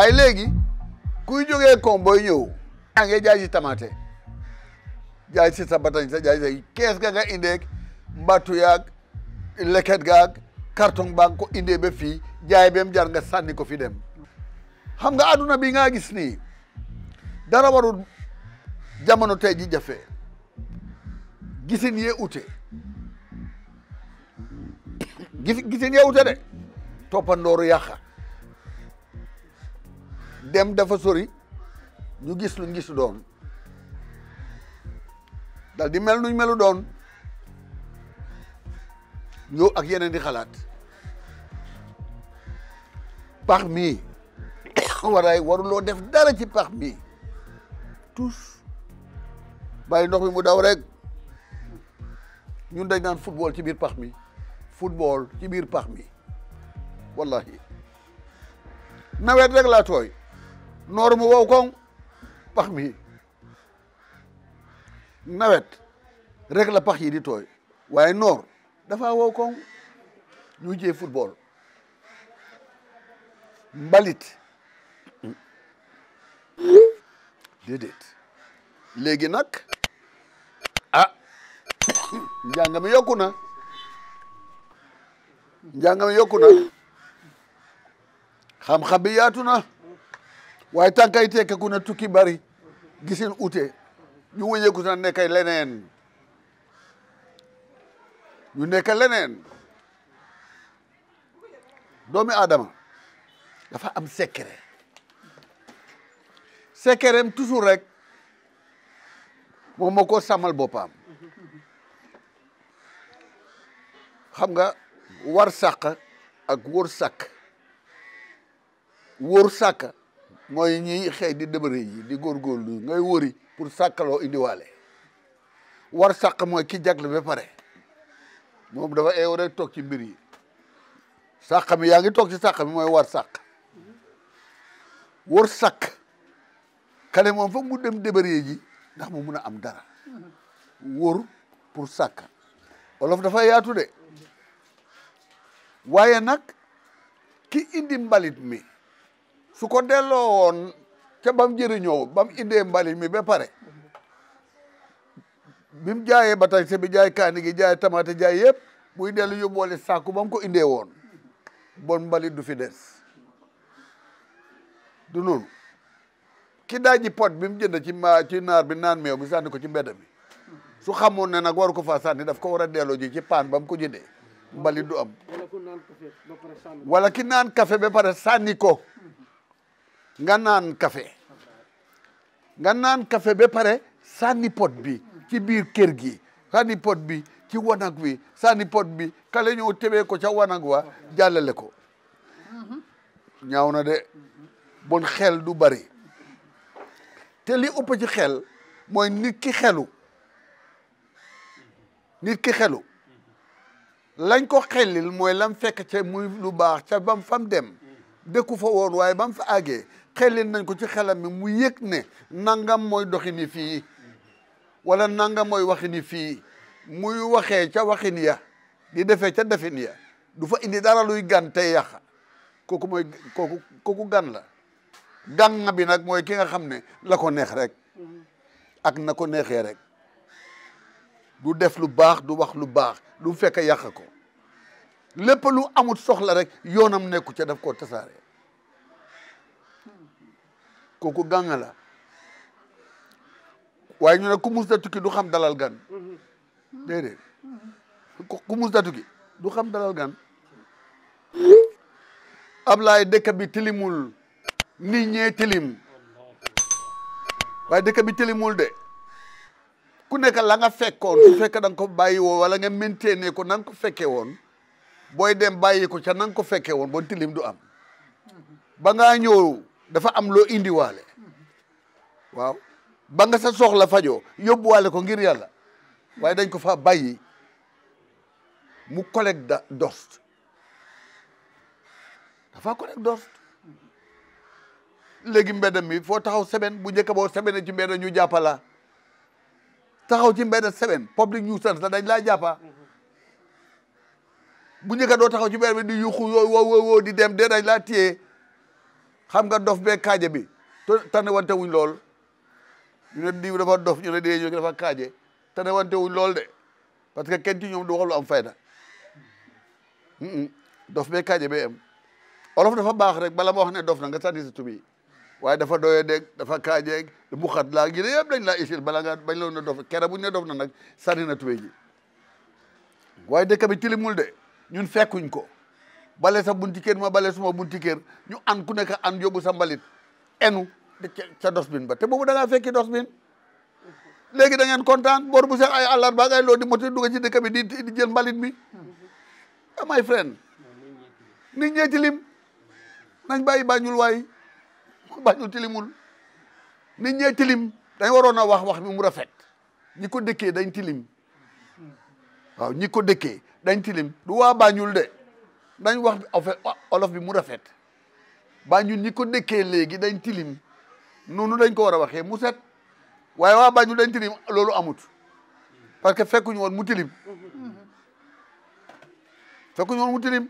waaye léegi kuy jógee kom booy ñëw yaa ngi jaay tamaate jaay si sa batañ sa jaay sa kees ga nga indeeg mbàttu yaag leket gaag carton baa ko indee ba fii jaay bem jar nga sànni ko fi dem xam nga àdduna bi nga gis nii dara warul jamono tey ji jafe gisin yee ute gisin yee ute de toppandooru yàqa dem dafa sori ñu gis luñ gisu doon dal di mel nuñ melu doon ñëw ak yeneen di xalaat pax mi waraay waruloo def dara ci pax mi tous bàyyi ndox mi mu daw rek ñun dañ naan football ci biir pax mi football ci biir pax mi wallahi nawet rek laa tooy noor mu wow koŋ pax mi nawet rek la pax yi di tooy waaye noor dafa wow koŋ ñu jee football mbalit déedéet léegi nag ah njàng mi yokku na njàng mi yokku na xam-xam bi yaatu na waaye tant que ay tekkeeku na tukki bari gisin ute ñu wëñeeku na nekkay leneen ñu nekk leneen doomi Adama dafa am secret secretam toujours rek moom moo ko samal boppam xam nga war sàq ak wóor sàkk wóor sàkk mooy ñiy xëy di débëri yi di góorgóorlu ngay wëri pour sàkkaloo waale war sàq mooy ki jagle ba pare moom dafa eew rek toog ci mbir yi sàq mi yaa ngi toog ci sàq mi mooy war sàq war sàq kale moom foog mu dem débëri ji ndax mu mun a am dara wóor pour sàkk olof dafa yaatu de waaye nag ki indi mbalit mi su ko delloo woon ca bam jëriñoo bam indee mbalit mi ba pare bi mu jaayee batañse bi jaay kaani gi jaay tamaate jaay yëpp buy dellu yóbboole sàkku ba mu ko indee woon bon mbalit du fi des du noonu ki daaji pot bi mu jënd ci ma ci naar bi naan meew bi sànni ko ci mbedd mi su xamoon ne nag waru ko faa sànni daf ko war a delloo ji ci paan ba ko jëndee mbali du am wala ki naan kafe be pare sànni ko nga naan kafe nga naan kafe ba pare sànni pot bi ci biir kër gi sànni pot bi ci wanag wi sànni pot bi kale ñëw tebee ko ca wanag wa jàllale ko ñaw na de bon xel du bari te li ëpp ci xel mooy nit ki xelu nit ki xelu lañ ko xelil mooy lam fekk ca muy lu baax ca bam fam dem dëkku fa woon waaye bam fa àggee xelil nañ ko ci xelam mi mu yëg ne nangam mooy doxini fii walla nangam mooy waxini fii muy waxee ca waxin ya di defee ca defin ya du fa indi dara luy gan tey yàq kooku mooy kooku kooku gan la gànga bi nag mooy ki nga xam ne la ko neex rek ak na ko neexee rek du def lu baax du wax lu baax lu fekk yàq ko lépp lu amut soxla rek yoonam nekku ca def ko tasaare kooku gànga la waaye ñu ne ku mus da du xam dalal gan déedéet ku mus da du xam dalal gan Ablaay dëkk bi tilimul nit ñee tilim waaye dëkk bi tilimul de ku nekk la nga fekkoon su fekk da nga ko bàyyi woon wala nga maintenir ko na ko fekkee woon booy dem bàyyi ko ca na nga ko fekkee woon bon tilim du am ba ngaa ñëw dafa am loo indiwaale waaw ba nga sa soxla fajoo yóbbuwaale ko ngir yàlla waaye dañ ko fa bàyyi mu collecte dost dafa collecte dost léegi mbedd mi foo taxaw semaine bu njëkk boo semaine ci mbedd ñu jàppala taxaw ci mbedd semaine public nuisance la dañ laa jàppa bu njëkk doo taxaw ci mbedd bi di yuxu yooyu woo woo di dem dee dañ laa téye xam nga dof bee kaaje bi te tane wante wuñ lool ñu ne diw dafa dof ñu ne dee ñu dafa kaaje tane wante wuñ lool de parce que kenn ci ñoom du wax lu am fayda dof bee kaaje bee am olof dafa baax rek bala moo wax ne dof na nga sànni si tubi waaye dafa doyee dégg dafa kaajeeg bu xat laa gi ne dañ laa isil bala nga bañ loon ne dof kera buñ ne dof na nag sànni na tubé ji waaye dëkk bi tilimul de ñun fekkuñ ko bale sa bunti kër ma bale suma bunti kër ñu an ku nekk an yóbbu sa mbalit enu ca dos bin ba te boobu da ngaa fekki dos bin léegi da kontaan boor bu seet ay àllarba ak ay loo di moti dugg ci dëkk bi di di jël mbalit mi amay ah, friend nit ñee tilim nañ bàyyi bañul waay bañul tilimul nit ñee tilim dañ waroon a wax wax bi mu rafet ñi ko dëkkee dañ tilim waaw ñi ko dëkkee dañ tilim du waa bañul de dañ wax olof bi mu rafet ba ñun ñi ko dëkkee léegi dañ tilim noonu dañ ko war a waxee mu set waaye waa Banjul dañ tilim loolu amut parce que fekkuñ woon mu tilim fekkuñu woon mu tilim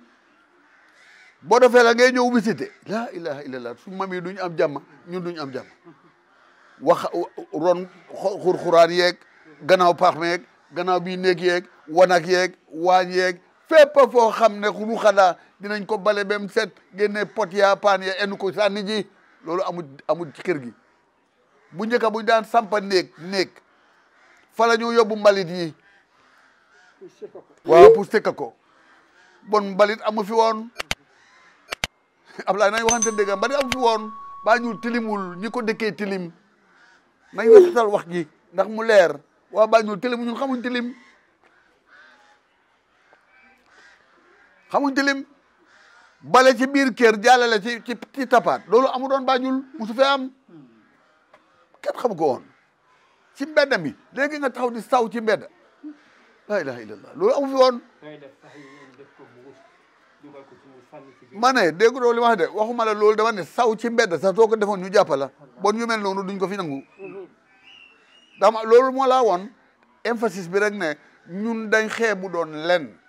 boo defee la ngay ñëw visité la ilaha illallah su mam duñ am jàmm ñun duñ am jàmm wax ron xurxuraan yeeg gannaaw paax meeg ganaaw bii néeg yeeg wanak yeeg waañ yeeg fépp foo xam ne ruxanaa dinañ ko bale bem set génne pot yaa paan ya enn ko sànni ji loolu amu amul ci kër gi bu njëkka buñ daan sampa néeg néeg fa la ñu yóbbu mbalit yi waaw pour sëkka ko bon mbalit amu fi woon Ablaye nañ waxante dëgg mbalit amu fi woon baa ñul tilimul ñi ko dëkkee tilim nañ waxtal wax ji ndax mu leer waa baa ñul tilim ñun xamuñ tilim xamul tilim bale ci biir kër jàllale ci ci ci tapaat loolu amu doon bàjjul musu fee am kenn xamu ko woon ci mbedd mi léegi nga taxaw di saw ci mbedd la ilaha illallah loolu amu fi woon ma ne dégg doo li wax de waxuma la loolu dama ne saw ci mbedd sa soo ko defoon ñu jàppa la ñu yu mel noonu duñ ko fi nangu dama loolu moo laa woon emphasis bi rek ne ñun dañ xeebu doon len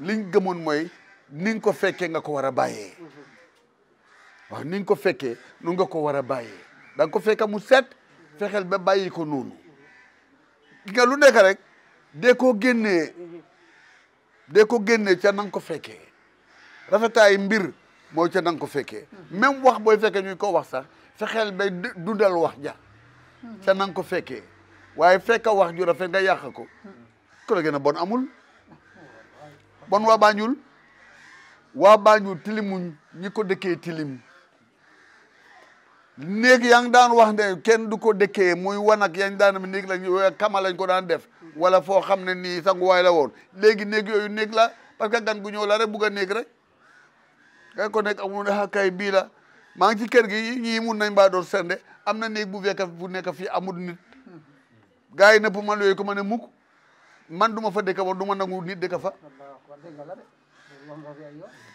liñ gëmoon mooy ni nga ko fekkee nga ko war a bàyyee waaw ni nga ko fekkee nu nga ko war a bàyyee danga ko fekka mu set fexeel ba bàyyi ko noonu ki nga lu nekk rek dee koo génnee dee ko génnee ca na ko fekkee rafetaay mbir mooy ca na ko fekkee même wax booy fekkee ñu ko wax sax fexeel ba dundal wax ja ca nang ko fekkee waaye fekka wax ju rafet nga yàq ko ko la gën bon amul bon wa Banjul waa Banjul tilimuñ ñi ko dëkkee tilim néeg yaa ngi daan wax ne kenn du ko dëkkee muy wanak yaa ngi daan am néeg lañ kama lañ ko daan def wala foo xam ne nii sanguwaay la woon léegi néeg yooyu néeg la parce que gan gu ñëw la rek bugg a néeg rek nga ko nekk ah, bii la maa ngi kër gi ñii mun nañ baa doon am na néeg bu fekk bu nekk fii amul nit yi ne pour man yooyu ko ma ne mukk man du fa dëkk ba du ma nangu nit dëkk fa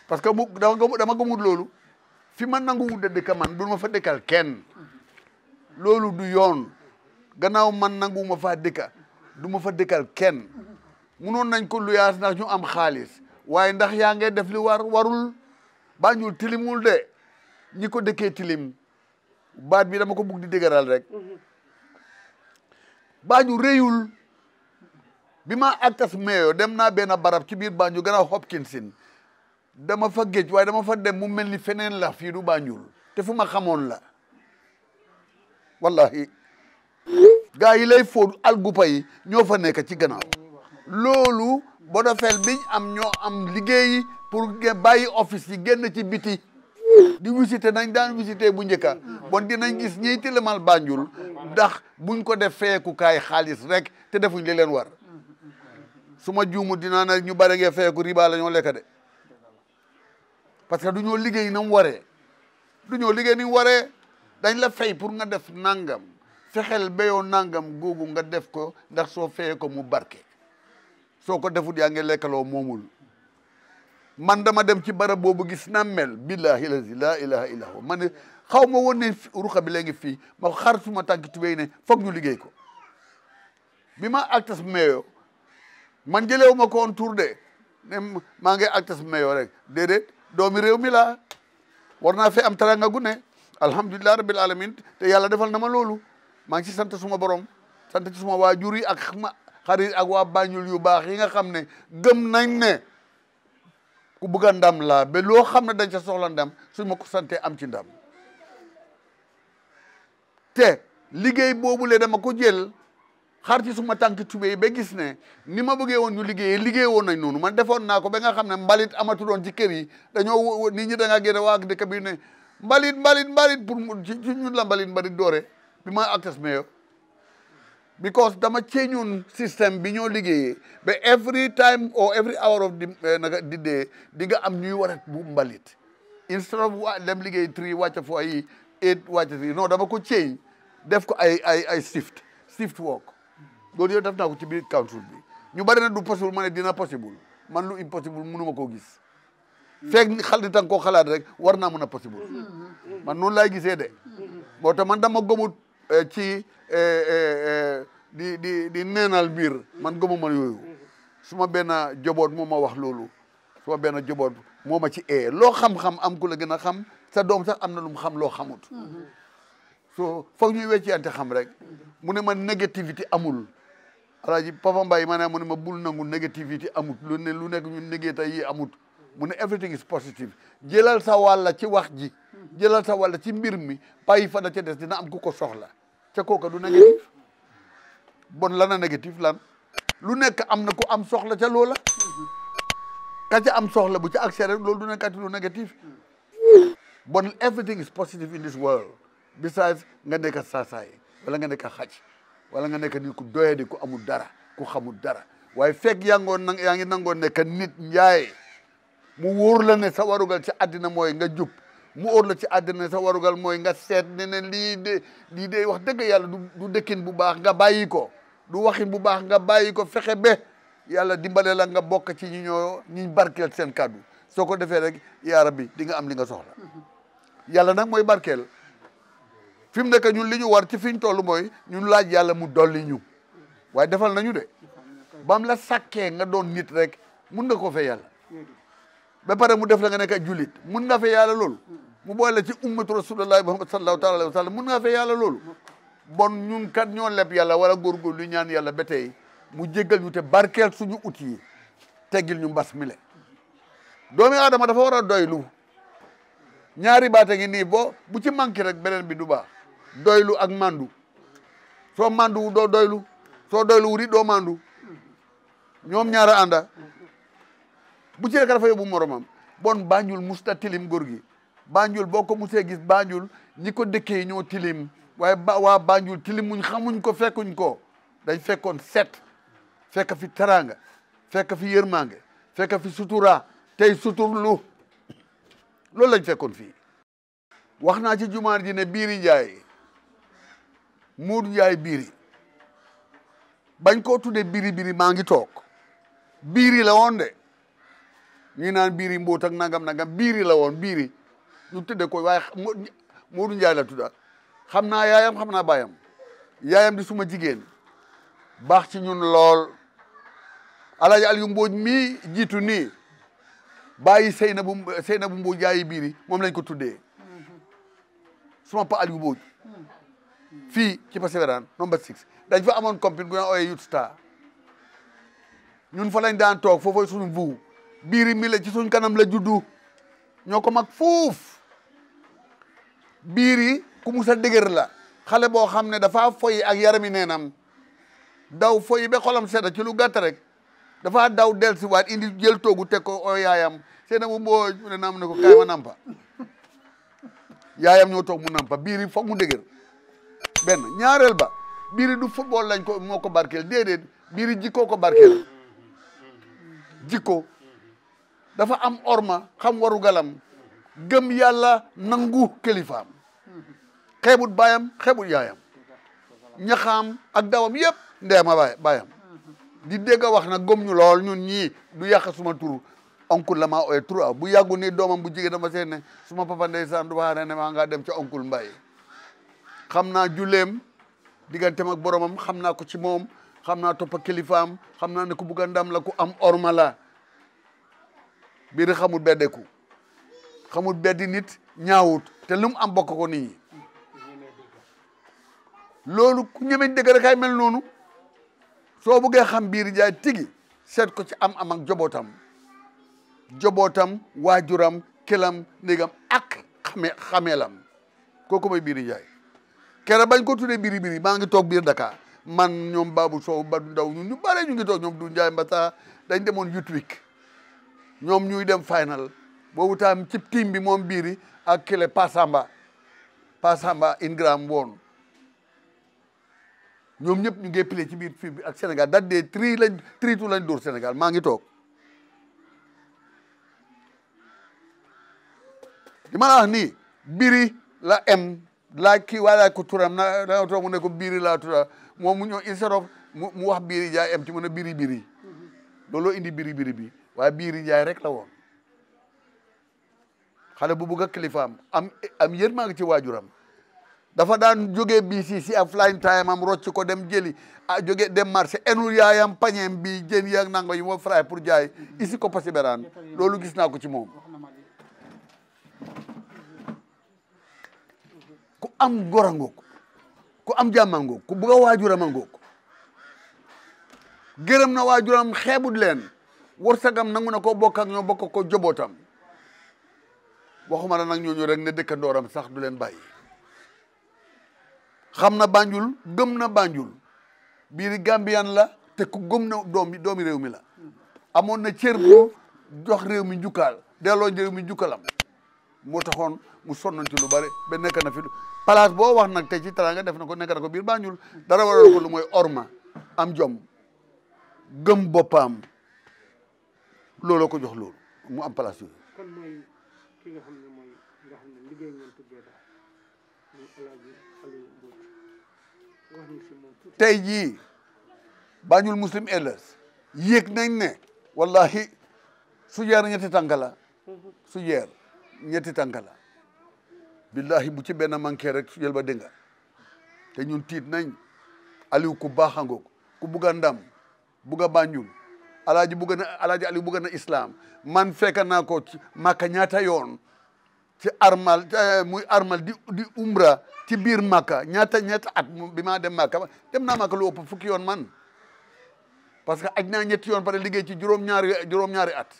parce que bu dama dama gëmul loolu fi ma nanguwul a dëkk man du ma fa dëkkal kenn loolu du yoon gannaaw man nanguwuma fa dëkka du ma fa dëkkal kenn munoon nañ ko luyaas ndax ñu am xaalis waaye ndax yaa ngi def li war warul Banjul tilimul de ñi ko dëkkee tilim baat bi dama ko bugg di dëgëral rek mm-hmm. Banjul réyul bi ma act as dem naa benn barab ci biir Banjul gannaaw Hopkinson dama fa géej waaye dama fa dem mu mel ni feneen la fii du Banjul te fu ma xamoon la wallahi gaa yi lay fóodu algupa yi ñoo fa nekk ci gannaaw loolu Bonafel biñ am ñoo am liggéeyi pour bàyyi office yi génn ci biti di visité nañ daan visité bu njëkka bon dinañ gis ñiy tilimal Banjul ndax buñ ko def feekukaay xaalis rek te defuñ li leen war su ma juumu dinaa ne ñu bare ngee feyeku riba la ñoo lekk de parce que du ñoo liggéey na mu waree du ñoo liggéey ni waree dañ la fay pour nga def nangam fexeel béyoo nangam googu nga def ko ndax soo feyee ko mu barke soo ko defut yaa ngi lekkaloo moomul man dama dem ci barab boobu gis na mel billahi lazi laa ilaha illa huwa ma ne xaw ma woon ne ruqa bi léegi fii ma xar suma tànk tubéy ne foog ñu liggéey ko bi ma actes mayo man jëlewuma ko on tour de ne maa ngi actes mayo rek déedéet doomi mi fi am taranga gune alhamdulillah rabbil alamin te yalla defal na ma loolu maa ngi ci sante suma borom sante ci suma wajuri ak ma xarit ak wa bañul yu bax yi nga xamne gem nañ ne ku bëgg ndam la be lo xamne dañ ci soxla ndam suñu ko am ci ndam te liggéey boobu le dama ko jël xaar ci suma tànk be gis ne ni ma bëggee woon ñu liggéeyee liggéey woon nañ noonu man defoon naa ko ba nga xam ne mbalit amatuloon ci kër yi dañoo nit ñi da ngaa génne waa dëkk bi ne mbalit mbalit mbalit pour ci ñun la mbalit mbalit doore bi ma actes mayor because dama ceeñoon système bi ñoo liggéeyee ba every time or every hour of eh, di naka di nga am ñuy war a bu mbalit instead of wa liggéey tri wàcca fo ay eight wàcca tri non dama ko ceeñ def ko ay ay ay shift shift work loolu yow daf naa ci biir council bi ñu bari na du possible ma dina possible man lu impossible mënuma koo gis Fek xal di tang koo xalaat rek warna naa possible man non lay gisé dé. boo man dama gomut eh, ci eh, eh, di di di nénal bir, man gëmu ma yooyu su ma benn joboot wax lolu. Suma ma jobot moma ci é lo xam-xam am ko la gëna xam sa dom sax amna lu xam lo xamut so foog ñuy wecciyante xam rek mu ne négativité amul alaaji Papa Mbaye maanaam mu ne ma bul nangu négativité amut lu ne lu nekk ñun négéta yi amut mu ne everything is positive jëlal sa wàlla ci wax ji jëlal sa ci mbir mi bàyyi fa da ca des dina am ku ko soxla ca kooka du négatif bon lan a lan lu nekk am na ku am soxla ca loola ka ca am soxla bu ci accès rek loolu du nekkati lu négatif bon everything is positive in this world besides nga nekk saasaay wala nga nekk xaj wala nga nekk nit ku doyadi ku amul dara ku xamul dara waaye fekk yangoon nang na yaa ngi nangoo nekk nit njaaye mu wóor la ne sa warugal ci àddina mooy nga jub mu wóor la ci àddina sa warugal mooy nga seet ne ne lii de wax dëgg yàlla du dëkkin bu baax nga bàyyi ko du waxin bu baax nga bàyyi ko fexe ba yàlla dimbale la nga bokk ci ñi ñoo ñi barkeel seen kàddu soo ko defee rek yaa rabbi di nga am li nga soxla mm-hmm. yàlla nag mooy barkeel fi mu nekk ñun li ñu war ci fi ñu toll mooy ñun laaj yàlla mu dolli ñu waaye defal nañu de bam la sàkkee nga doon nit rek mun na ko fe yàlla ba pare mu def la nga nekk ak jullit mun na fe yàlla loolu mu boole ci ummatu rasulillahi muhammad sallallahu taala alayhi wa sallam mun nga fe yàlla bon ñun kat ñoo leb yàlla wala góorgóorlu ñu ñaan yàlla ba tey mu jéggal ñu te barkeel suñu ut yi teggil ñu mbas mile doomi aadama dafa war a doylu ñaari baate ngi nii bo bu ci manqué rek beneen bi du baax doylu ak mandu soo mandu doo doylu soo doylu wuri doo mandu ñoom ñaara ànda bu ci rek dafa yóbbu moromam bon Banjul musta tilim góor gi Banjul boo ko musee gis Banjul ñi ko dëkkee ñoo tilim waaye ba waa Banjul tilimuñ xamuñ ko fekkuñ ko dañ fekkoon set fekk fi teraanga fekk fi yërmaange fekk fi sutura tey suturlu loolu lañ fekkoon fii wax naa ci jumaar ji ne biiri njaay Modou Ndiaye Biri bañ ko tuddee Biri Biri maa ngi toog Biri la woon de ñi naan Biri mbóot ak nangam nangam biiri la woon Biri ñu tuddee ko waaye Modou Ndiaye la tudda xam naa yaayam xam naa baayam yaayam di suma jigéen baax ci ñun lool Alaaji Aliou Mbodj mii jiitu nii bàyyi na Seynabu Mbodj yaayi Biri moom lañ ko tuddee mm-hmm. suma pa Aliou Mbodj mm-hmm. fii ci Perseverance number six dañ fa amoon compagnie bu ñu ooyee Youth Star ñun fa lañ daan toog foofu suñu bu biiri mi la ci suñ kanam la juddu ñoo ko mag fuuf biir yi ku musa dëgër la xale boo xam ne dafa foyi ak yarami neenam daw foyi ba xolam sedda ci lu gàtt rek dafa daw del si waat indi jël toogu teg ko o yaayam seen bu mbooj mu ne naam ne ko kaay ma nampa ñoo toog mu nampa biir yi foog mu dëgër benn ñaareel ba biiri du football lañ ko moo ko barkeel déedéet biiri jikkoo ko barkeel jikko dafa am orma xam waru galam gëm yàlla nangu kilifaam xeebut baayam xeebut yaayam ñaxaam ak daawam yëpp ndeema baay baayam di dégg a wax nag gom ñu lool ñun ñii du yàq suma tur oncle la maa ooye tur bu yàggu nii doomam bu jigee dama seen ne suma papa ndeysaan du baax ne maa ngaa dem ca oncle Mbaye xam naa julleem digganteem ak boromam xam naa ko ci moom xam naa topp kilifaam xam naa ne ku bugg ndam la ku am orma la biir xamul beddeku xamul beddi nit ñaawut te lu mu am bokk ko nit ñi loolu ku ñemeñ dëgg rek mel noonu soo buggee xam biir njaay tigi seet ko ci am am ak jobootam jobootam waajuram kilam négam ak xame xameelam kooku mooy biir njaay kere bañ ko tuddee biri biri maa ngi toog biir daka man ñoom Babou Sow Badou Ndaw ñun ñu bare ñu ngi toog ñoom du Ndiaye Mbassa dañ demoon Utrecht ñoom ñuy dem final boobu taam ci team bi moom biiri ak kile Passamba Passamba Ingram woon ñoom ñëpp ñu ngi play ci biir fii bi ak senegal dat dee tri lañ tri tu lañ dóor maa ngi toog di ma la wax biri la m laki wala ko turam mo ne ko la tura mo muño insérof mu wax biri jaay em ci mo ne biri biri lolo indi biri biri bi wa biri jaay rek la won xale bu am am yerma ci wajuram dafa daan jógee bi si ci am flying time am rocc ko dem jeli, a jógee dem marché enul yaayam pañem bi yang yak nango yi mo fray pour jaay isi ko pasi beran lolu gis na ko ci mom ku am gor a ngoog ku am jàmma ngoog ku bëgg a waajuram a ngoog gërëm na waajuram xeebut leen wërsëgam nangu na ko bokk ak ñoo bokk ko jobootam waxuma la nag ñooñu rek ne dëkkandooram sax du leen bàyyi xam na Banjul gëm na Banjul biiri Gambian la te ku gëm na doomi doomi réew mi la amoon na cër bu jox réew mi njukkaal delloo réew mi njukkalam moo taxoon mu sonnoon ci lu bëri ba nekk na fi place boo wax nag tey ci teraanga def na ko nekk na ko biir Banjul dara waral ko lu mooy orma am jom gëm boppam looloo ko jox lool mu am place yooyu. kon mooy ki nga jii Banjul Muslim Elders yéeg nañ ne wallahi su jeer ñetti tànk la mhm. su la billahi bu ci benn manqué rek yël ba dënga te ñun tiit nañ Aliou ku baax a ngoog ku bugg a ndam bugg a alaaji bugg na alaaji bugg na islam man fekk naa ko ci Makka ñaata yoon ci armal eh, muy armal di umra ci biir Makka ñaata ñaata at bi maa dem Makka dem naa Makka lu ëpp fukki yoon man parce que aj naa ñetti yoon pare liggéey ci juróom-ñaari at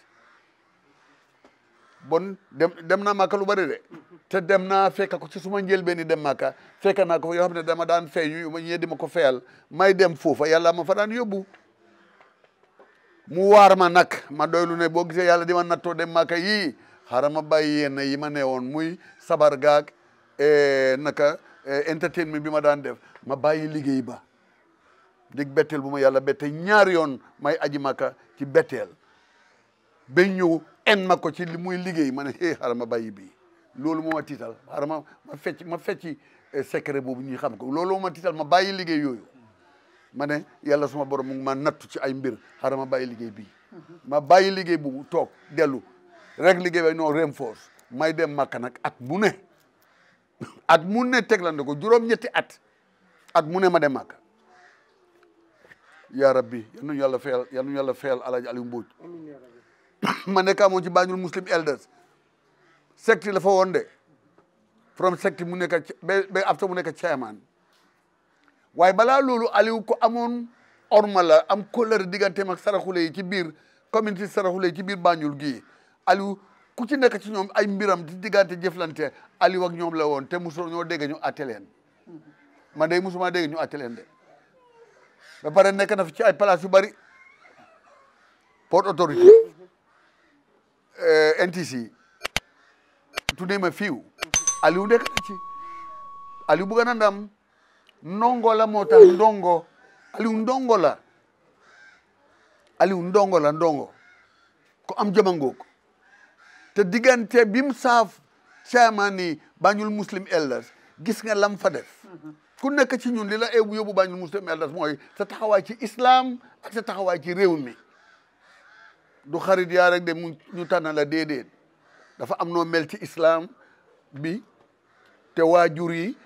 bon dem dem Makka lu bari de te dem naa fekk ko ci suma njëlbéen dem maka fekk naa ko yoo xam ne dama daan fay yu ñee di ma ko fayal may dem foofa yàlla ma fa daan yóbbu mu waar ma nag ma doylu ne boo gisee yàlla di ma nattoo dem maka yi xaaral ma bàyyi yenn yi ma ne woon muy sabar gaag eh, naka eh, entertainment bi ma daan def ma bàyyi liggéey ba dig betel bu ma yàlla bette ñaari yoon may aji maka ci betteel ba ñëw en ma ci li muy liggéey ma ne eh, xaaral ma bàyyi bii loolu moom ma tiital xaaral ma ma fecc ma fecci eh, secret boobu ñuy xam ko loolu moo ma tiital ma bàyyi liggéey yooyu ma ne yàlla suma borom mu ngi ma nattu ci ay mbir xaaral ma bàyyi liggéey bi mhm. ma bàyyi liggéey boobu toog dellu rek liggéey bay non renforce may dem Makka nag at mu ne at mu ne teglande ko juróom-ñetti at at mu ne ma dem Makka yaa rabbi yal nañu yàlla fayal yal nañu yàlla fayal El Hadj Aliou Mbodj ma nekk amoon ci Banjul Muslim Elders secte la fa woon de from secte mu nekk ba ba after mu nekk chairman waaye balaa loolu Aliou ko amoon orma la am kóllëre digganteem ak saraxule yi ci biir community saraxule yi ci biir Banjul gii Aliou ku ci nekk ci ñoom ay mbiram di diggante jëflante Aliou ak ñoom la woon te mosul ñoo dégg ñu àtte leen mm-hmm. man de mosuma dégg ñu àtte leen de ba pare nekk na fi ci ay place yu bari Port Authority mm-hmm. eh, NTC to name a few aliunde karachi aliubugana ndam nongola mota ndongo aliundongola aliundongola ndongo ko am jamangoko te diggante bim saaf chairmani Banjul Muslim Elders gis nga lam fa def ku nekk ci ñun li la eebu yóbbu Banjul Muslim Elders mooy sa taxawaay ci islam ak sa taxawaay ci réew mi du xarit yaa rek de mu ñu tànn la déedéet dafa am noo mel ci islam bi te waajur yi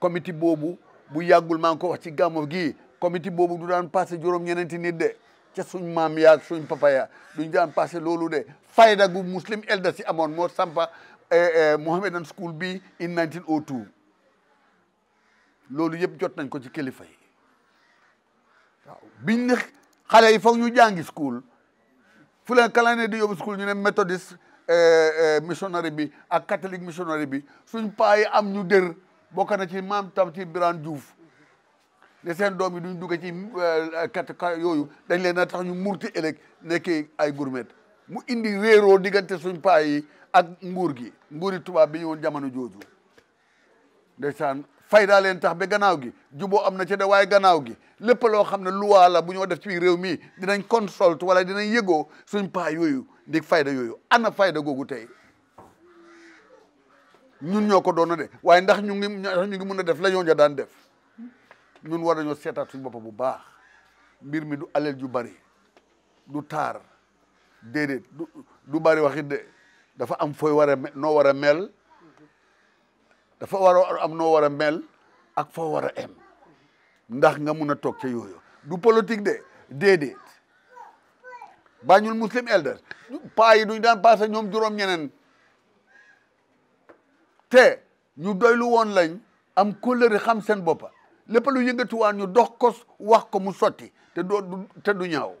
comité boobu bu yàggul maa ngi ko wax ci gàmmo gii comité boobu du daan passé juróom-ñeneenti nit de ca suñ maam yaa suñ papa yaa jaan daan passé loolu de fayda gu muslim elda si amoon moo sampa eh, eh, Mohammedan school bi in 1902 loolu yëpp jot nañ ko ci kilifa yi waaw biñ ne xale yi foog ñu jàngi school fu leen kala ne di yóbbu school ñu ne méthodiste Eh, eh, missionnaire bi ak catholique missionnaire bi suñ paa yi am ñu dër bokka na ci maam tam ci Birane Diouf ne seen doom yi duñ dugg ci eh, kat yooyu dañ leen a tax ñu murti ëllëg nekkee ay gourmet mu indi réeroo diggante suñ paa yi ak nguur gi nguuri tubaab bi ñu woon jamono jooju ndeysaan faydaa leen tax be gannaaw gi juboo am na ci de waaye gi lépp loo xam ne luwaa la bu ñoo def ci biir réew mi dinañ consult wala dinañ yëgoo suñ paa yooyu di fayda yooyu ana fayda googu tey ñun ñoo ko doon de waaye ndax ñu ngi ñu ngi mën a def la ñoo daan def ñun war nañoo seetaat suñu bopp bu baax mbir mi du alal ju bari du taar déedéet du du bari waxit de dafa am fooy war a noo war a mel dafa war a am noo war a mel ak foo war a em ndax nga mun a toog ce yooyu du politique de déedéet Banjul muslim elder paa yi duñ daan passé ñoom juróom ñeneen te ñu doylu woon lañ am kóllëre xam seen boppa lépp lu yëngatuwaan ñu dox ko wax ko mu sotti te doo te du ñaaw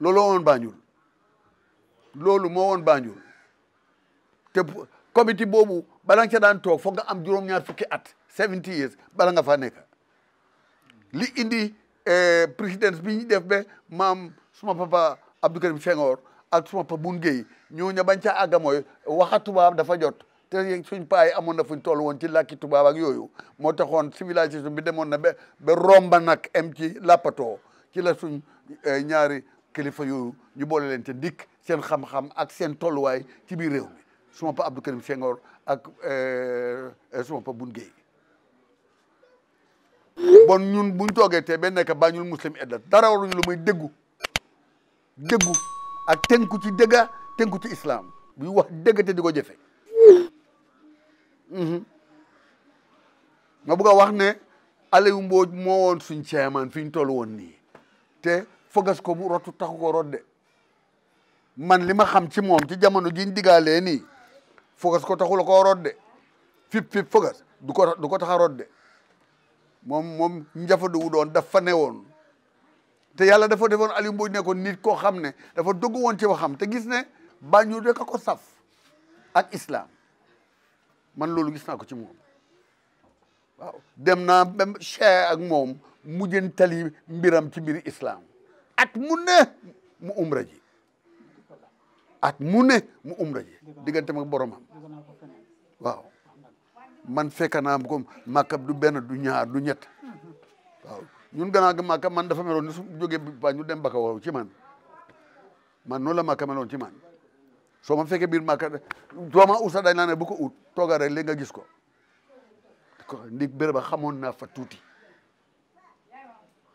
loolu woon Banjul loolu moo woon Banjul te comité boobu bala nga ca daan toog foog nga am juróom-ñaar fukki at seventy years bala nga faa nekk li indi eh, présidence bi ñu def ba maam suma papa Abdou Karim Senghor ak suma papa Boun Guèye ña bañ ca àgga mooy waxa tubaab dafa jot te suñ paay amoon na fuñ toll woon ci làkki tubaab ak yooyu moo taxoon civilisation bi demoon na ba ba romba nag em ci lappatoo ci la suñ eh, ñaari kilifa yooyu ñu boole leen te dikk seen xam-xam ak seen tolluwaay ci biir réew mi suma pa Abdou Karim ak eh, suma pa Boun Guèye bon ñun buñ toogee te ba nekk ba ñun muslim eddat dara waruñu lu muy déggu deggu ak tenku ci degga tenku ci islam bu wax degga te diko jefe hmm ma bu ga wax ne alayum bo mo won suñ cheman fiñ tolu won ni te fogas ko mu rotu tax ko rodde man lima xam ci mom ci jamono ji digale ni fogas ko taxul ko rodde fip fip fogas du ko du ko taxa rodde mom mom njafadu wu don da fa newon te yàlla dafa defoon Aliou Mbodj nekkoon nit koo xam ne dafa dogg woon ci waxam te gis ne Banjul rek a ko saf ak islam man loolu gis naa ko ci moom waaw dem naa même Cheikh ak moom mujjantali mbiram ci mbir islam ak mu ne mu umra ak at mu ne mu umra ji diggante boromam waaw man fekk naa ko màkkab du benn du ñaar du ñett ñun gannaaw gi màkka man dafa meloon ni su jógee ba ñu dem baka waw ci man man la màkka meloon ci man soo ma fekkee biir màkka dooma usa dañ naa ne bu ko ut tooga rek léegi nga gis ko ndig béré ba xamoon naa fa tuuti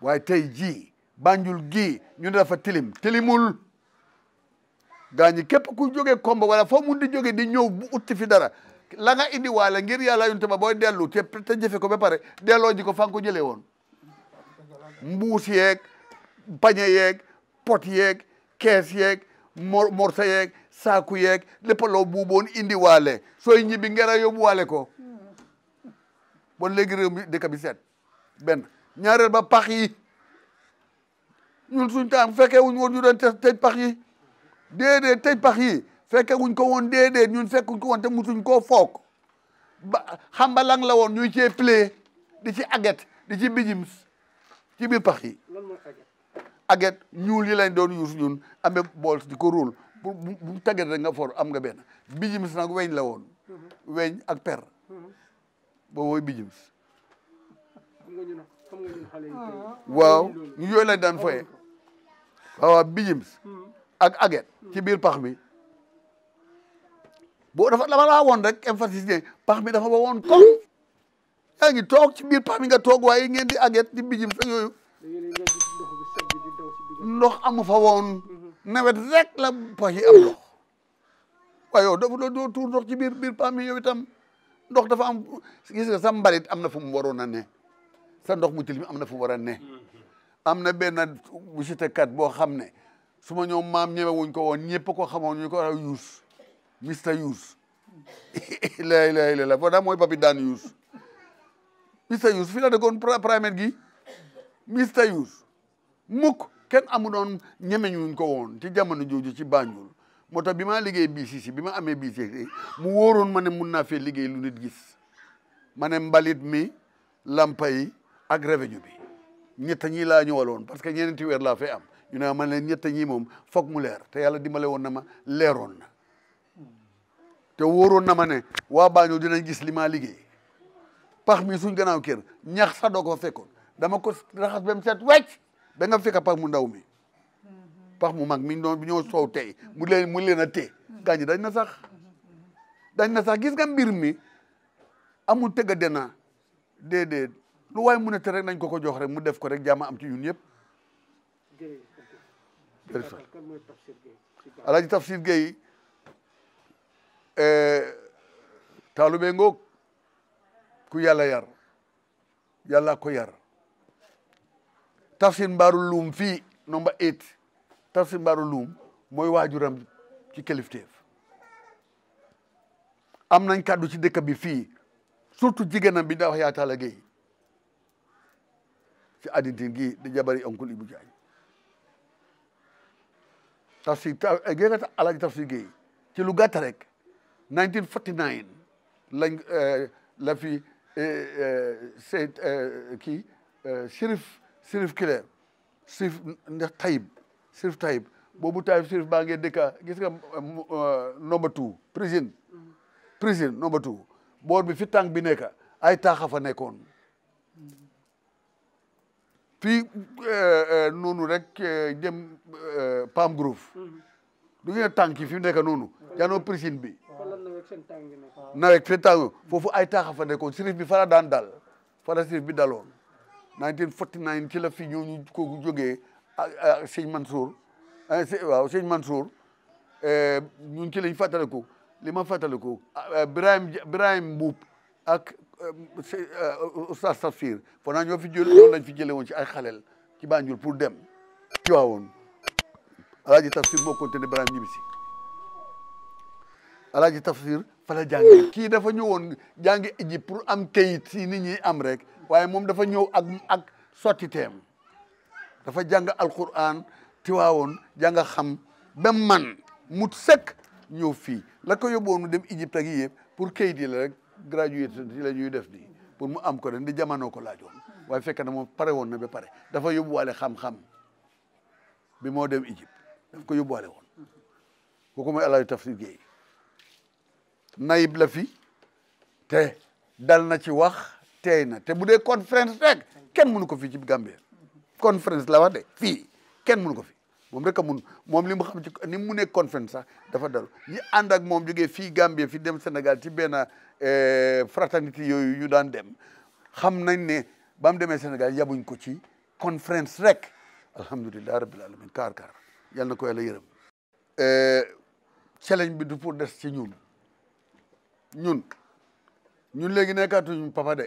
waaye tey jii Banjul gii ñu ne dafa tilim tilimul gaa ñi képp ku jógee komba wala foo mun di jóge di ñëw bu utti fi dara la indi waale ngir yàlla te ba booy dellu te te jëfe ko ba pare delloo ji ko fa ko jëlee woon mbuus yeek pañe yeeg pot yeeg kees yeeg mor morsa yeeg saaku yeeg lépp loo buuboon indi waale sooy ñibbi ngera yóbbu waale ko bon léegi réew mi dëkk bi seet ba pax yi ñun suñ taam fekkee wuñ woon ñu doon tëj pax yi déedéet tëj pax yi fekkee wuñ ko woon déedéet ñun fekkuñ ko woon te musuñ koo foog ba xambalang la woon ñuy cee plé di ci aget di ci bijims ci biir pax yi aget ñuul yi lañ doon yuus ñun amee bool di ko róol bu bu taget rek nga for am nga benn bijims nag weñ la woon mhm. weñ ak per mhm. boobu mooy bijims ah. waaw ñu yooyu lañ daan foye waaw bijims mhm. ak aget ci biir pax mi boo dafa dafa laa woon rek emphasis ne pax mi dafa ba woon kom yaa ngi toog ci biir pax mi nga toog waaye ngeen di aget di bijim fek yooyu ndox amu fa woon nawet rek la pax yi am ndox tuur ndox ci biir biir pax mi yow itam ndox dafa am gis sa mbalit am na fu mu waroon a ne sa ndox mu tilim am na fu mu war a ne am na benn visitekat boo xam ne su ma ñoom maam ñeme wuñ ko woon ñëpp ko xamoon ñu ko war a yuus mister yuus la la la la foo mooy papi daan yuus Mr Youss fi la dëkkoon primaire gi Mr Youss mukk kenn amu doon ñemeñuñ ko woon ci jamono jooju ci Banjul moo tax bi maa liggéey BCC bi ma amee BCC mu wóoroon ma ne mun naa fee liggéey lu nit gis ma ne mbalit mi lampa yi ak revenu bi ñett ñi laa ñëwaloon parce que ñeenti weer laa fay am ñu ne ma ne ñett ñi moom foog mu leer te yàlla dimbale woon na ma leeroon na te wóoroon na ma ne waa Banjul dinañ gis li maa liggéey pax mi suñ gannaaw kër ñax sax doo fa fekkoon dama ko raxas ba mu set wecc ba nga fekk pax mu ndaw mi pax mu mag mi doon bi soow tey mu leen mu leen a tee gaa ñi dañ na sax dañ na sax gis nga mbir mi amul tëgg a denaa déedéet lu waaye mu ne te rek nañ ko ko jox rek mu def ko rek jaama am ci ñun yëpp jërëjëf alaaji tafsir Gueye eh, taalubee ngoog ku yalla yar yalla ko yar tafsir barul lum fi number eight tafsir barul lum, moy wajuram ci kelifteef am nañ kaddu ci dekk bi fi surtout jigéenam bi da wax taala géey ci adidin gi di jabari onkul Ibu Jaay tafsir eh, ta alaaji tafsir géey ci lu gatt rek 1949 lañ eh, la fi Euh, Seyd euh, kii euh, Chérif Chérif Clair Chérif ndax Taïb Chérif boobu Taïb Chérif baa ngee dëkka gis nga number two prison prison number two boor bi fi tànk bi nekka ay taax fa nekkoon fii noonu rek jëm Palm Grove mm-hmm. du ngeen tànk yi fi nekka noonu janoo prison bi nawet fettaangu foofu ay taaxa fa nekkoon sirif bi fara daan dal fara sirif bi daloon 1949 ci la fi ñu kooku jógee ak sëñ Mansour eh, waaw sëñ Mansour eh, ñu ci lañ fàttaliku li ma fàttaliku eh, Birahim Birahim Mbuub ak Oustaz Tafsir foo naa ñoo fi jël loolu lañ fi jële woon ci ay xaleel ci Banjul pour dem ci waawoon Alaaji Tafsir moo continué Birahim ñibbi si alaaji tafsir fa la jàngi kii dafa ñëwoon jàngi Égypte pour am kayit si nit ñi am rek waaye moom dafa ñëw ak ak sotti teem dafa jàng alquran tiwaawoon janga xam ba man mut sekk ñëw fii la ko yóbboon mu dem Égypte ak yëpp pour kayit yi la rek graduate si la ñuy def nii pour mu am ko ren di jamono ko laajoon waaye fekk na moom pare woon na ba pare dafa yóbbuwaale xam-xam bi moo dem Égypte daf ko yóbbuwaale woon kooku mooy alaaji tafsir Guèye nayib la fi te dal na ci wax te na te bu dee conférence rek kenn mënu ko fi ci Gambie conférence la wax de fii kenn mënu ko fi moom rek a mun moom li mu xam ci ni mu nekk conférence sax dafa daru ñi ànd ak moom jógee fii Gambie fi dem senegal ci benn eh, fraternité yooyu ñu daan dem xam nañ ne ba mu demee Sénégal yabuñ ko ci conférence rek alhamdulilah rabbil alamin kaar kaar yàlla na ko yàlla yërëm eh, challenge bi du pour des ci ñun ñun ñun léegi nekkatuñu papa de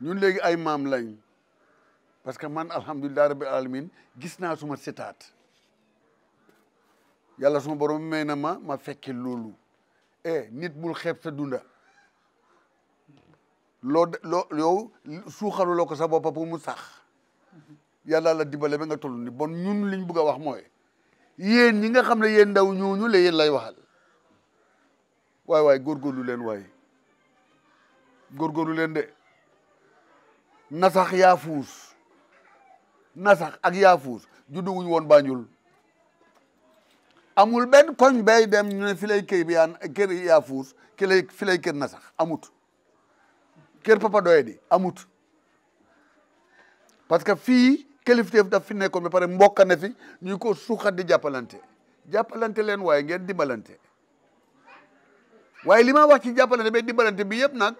ñun léegi ay maam lañ parce que man alhamdulilah rabbil alamin gis naa suma sitaat yàlla suma borom may na ma ma fekki loolu eh nit bul xeeb sa dunda loo loo yow suuxaluloo ko sa boppa pour mu sax yàlla la dibale ba nga toll ni bon ñun liñ bëgg a wax mooy yéen ñi nga xam ne yéen ndaw ñooñu la yéen lay waxal waay waay góorgóorlu leen waay góorgóorlu leen de nasax yaa fuus ak yaa fuus juddu wuñ woon Banjul amul benn koñ bay dem ñu ne fi lay kër yaa kër yaa fuus ki lay fi lay kër nasax amut kër papa doye di amut parce que fii kilifteef daf fi nekkoon ba pare mbokk na fi ñu ko suuxat di jàppalante jàppalante leen waaye ngeen dimbalante waaye lima ma wax ci jàppalante ba dimbalante bi yëpp nag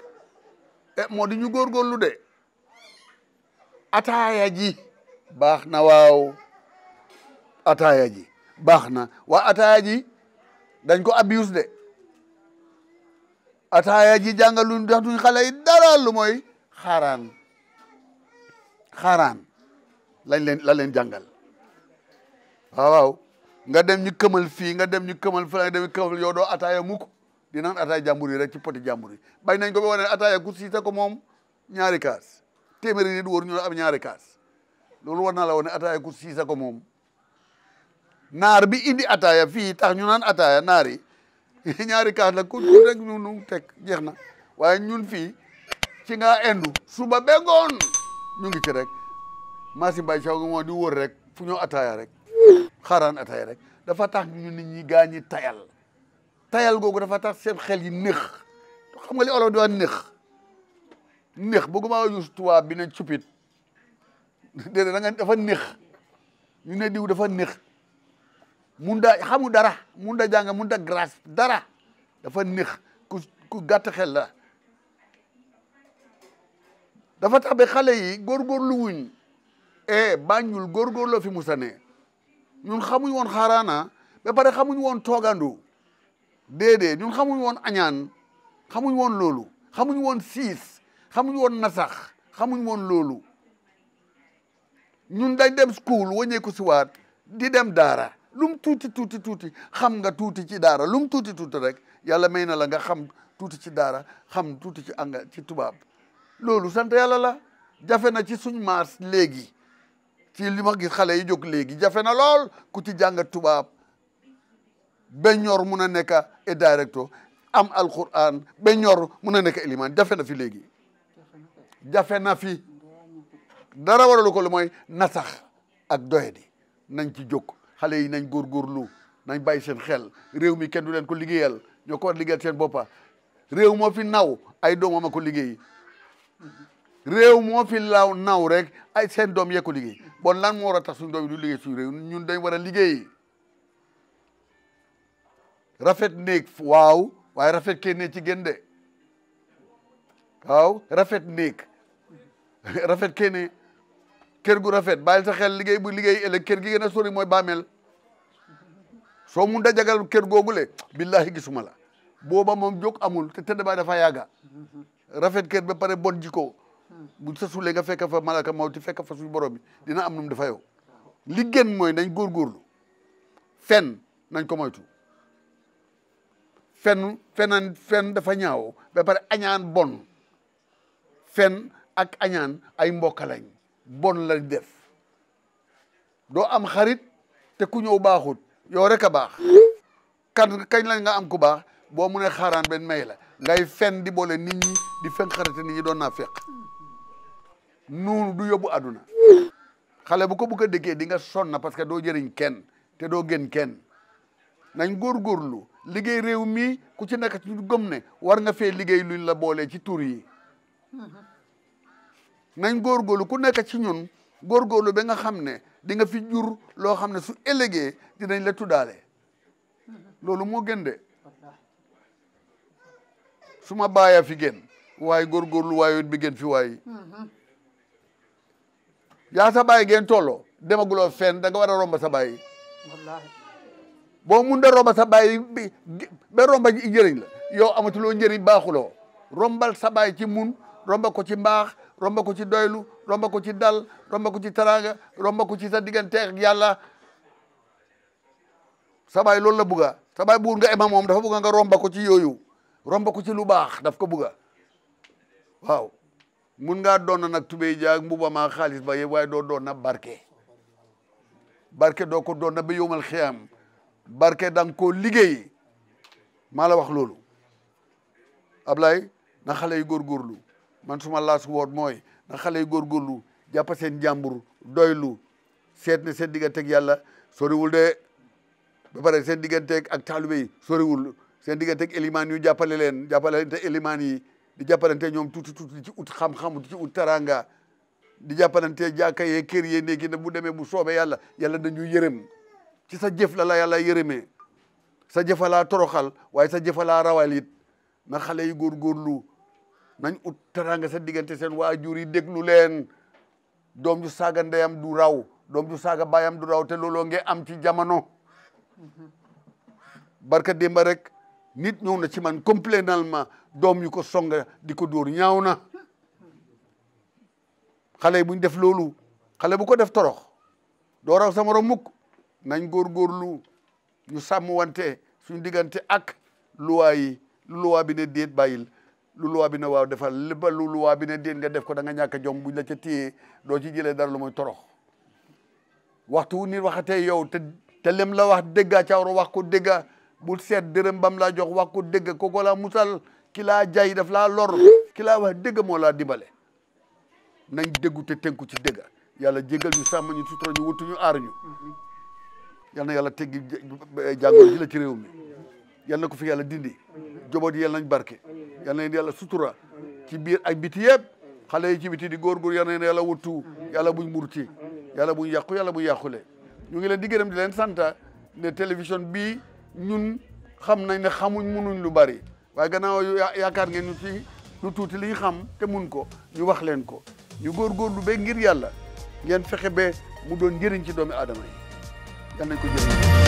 eh, moo di ñu góorgóorlu de ataaya ji baax na waaw ataaya ji baax na waa ataaya ji dañ ko abuse de ataaya ji jàngaluñ tax duñ xale dara lu mooy xaaraan xaaraan lañ leen la leen jàngal waaw nga dem ñu këmal fii nga dem ñu këmal fii nga dem ñu këmal yow doo ataaya di naan ataay jàmbur yi rek ci poti jàmbur yi bañ nañ ko ba wane ne ataaya ku siite ko moom ñaari kaas téeméeri nit waruñu am ñaari kaas loolu war naa la wane ataaya ku siise ko moom naar bi indi ataaya fii tax ñu naan ataaya naar yi ñaari kaas la ku rek ñu nu teg jeex na waaye ñun fii ci nga indu suba begoon ñu ngi ci rek Massi Mbaye Thiaw moo di wóor rek fu ñoo ataaya rek xaaraan ataaya rek dafa tax ñu nit ñi gaañi tayal tayal googu dafa tax seen xel yi neex xam nga li olo di neex neex bu guma use tuwa bi ne cupit déedéet da nga dafa neex ñu ne diw dafa neex mun xamu dara mun da jàng mun da grâce dara dafa neex ku ku gàtt xel la dafa tax be xalé yi lu wuñ e gor lo fi musane ñun xamuñ won xaraana be pare xamuñ won togandou déedéet ñun xamuñ woon añaan xamuñ woon loolu xamuñ woon siis xamuñ woon nasax xamuñ woon loolu ñun dañ dem school wàññeeku si waat di dem daara lum tuuti tuuti tuuti xam nga tuuti ci daara lum tuuti tuuti rek yàlla may na la nga xam tuuti ci daara xam tuuti ci anga ci tubaab loolu sant yàlla la jafe na ci suñ maas léegi ci li ma gis xale yi jóg léegi jafe na lool ku ci jàng tubaab ba ñor mun a nekk et directo am alquran ba mun a nekk iliman jafe na fi léegi jafe na fi dara waralu ko lu mooy nasax ak doyadi nañ ci jóg xale yi nañ góorgóorlu nañ bàyyi seen xel réew mi kenn du leen ko liggéeyal ñoo ko war liggéeyal seen boppa réew moo fi naw ay doomam a liggéey réew moo fi laaw naw rek ay seen doom yee ko liggéey bon lan moo war a tax suñu doom yi du liggéey suñu réew ñun dañ war a liggéey rafet néeg waaw waaye rafet kenn ci gën de waaw rafet néeg rafet kenn ker gu rafet bàyyil sa xel liggéey bu liggéey ëllëg kër gi gën a sori mooy bàmmeel soo mun da jagal kër googule billahi gisuma la booba moom jóg amul te tëdd ba dafa yàgga rafet kër ba pare bon jikko bu sa suulee nga fekk fa moo mawti fekk fa suñu borom bi dina am num dafa yow li gën mooy nañ góorgóorlu fen nañ ko moytu fen fenan fen dafa ñaaw ba pare añaan bon fen ak añaan ay mbokka bon la def doo am xarit te ku ñëw baaxut yow rek a baax kan kañ lañ nga am ku baax boo mu ne xaaraan benn may la ngay fen di boole nit ñi di fen xarite nit ñi doon naa fekk nuunu du yóbbu àdduna xale bu ko bëgg a dëkkee di nga sonna parce que doo jëriñ kenn te doo gën kenn nañ góorgóorlu liggéey réew mi ku ci nekk ci gëm ne war nga fee liggéey luñ la boolee ci tur yi nañ góorgóorlu ku nekk ci ñun góorgóorlu ba nga xam ne di nga fi jur loo xam ne su ëllëgee dinañ la tuddaale loolu moo gën de su ma baaya fi gën waaye góorgóorlu waaye bi gën fi waaye yaa sa baay gën tolloo demaguloo fenn da nga war a sa baay. bo mu da romba sa baay be romba njëriñ la amatu lo njëriñ baxulo rombal sa baay ci mun romba ko ci mbax romba ko ci doylu romba ko ci dal romba ko ci taranga romba ko ci sa digante ak yalla sa baay lol la buga sa baay bu nga imam mom dafa buga nga romba ko ci yoyu romba ko ci lu bax daf ko buga waw mun nga don nak tubéy jaak mbuba ma khalis ba do na barke barke do ko doon na bi khiyam barke da nga koo liggéeyee maa la wax loolu Ablaye na xale yi góorgóorlu man suma laas woot mooy na xale yi góorgóorlu jàpp seen jàmbur doylu seet ne seen digga digganteeg yàlla soriwul de ba pare seen digganteeg ak taalibe yi soriwul seen digganteeg élimaan yu jàppale leen te élimaan yi di jàppalante ñoom tuuti tuuti di ci ut xam-xam di ci ut taranga di jàppalante jàkka yee kër yee nekki na bu demee bu soobee yàlla yàlla dañu yërëm ci sa jëf la la yalla yërëmé sa la toroxal waye sa jëfalaa rawal it na xalé yi gorlu nañ ut teraanga sa digënté seen waajur yi déglu leen doom ju saga ndeyam du raw dom ju saga bayam du raw té lolo nge am ci jamono barka démba rek nit ñëw na ci man complètement dom yu ko songa di door ñaawna xalé buñ def lolu xalé bu ko def torox do raw sa morom mukk nañ góor góor lu ñu sàmm wante suñu diggante ak luwaa yi lu luwaa bi ne déet bàyyil lu luwaa bi ne waaw defal li lu luwaa bi ne déet nga def ko danga nga ñàkk a jom la ca téyee doo ci jëlee dara lu mooy torox waxtu wu nit waxatee yow te te lem la wax dégga ca war wax ko dégga bu seet dërëm bam laa jox wax ko ko kooku laa musal ki laa jay daf laa lor ki laa wax dégg moo laa dimbale nañ déggu te tënku ci dégga yàlla jégal ñu sàmm ñu sutura ñu wutu ñu aar ñu Yana yalla teggi jàngoro ji la ci yala yalla nako fi yalla dindi jobot yalla barke yalla na yalla sutura ci bir ak biti yeb xale yi ci biti di gor gor yalla na yalla wuttu yalla buñ murti yalla buñ yàqu yalla bu yakule ñu ngi leen di di leen santa ne television bi ñun xam nañ ne xamuñ mënuñ lu bari waaye gannaaw ya-, yaakar ngeen ñu ci lu tuti li xam te mën ko ñu wax leen ko ñu lu be ngir yalla ngeen fexé be mu doon ci doomi adamay करने को जरूरी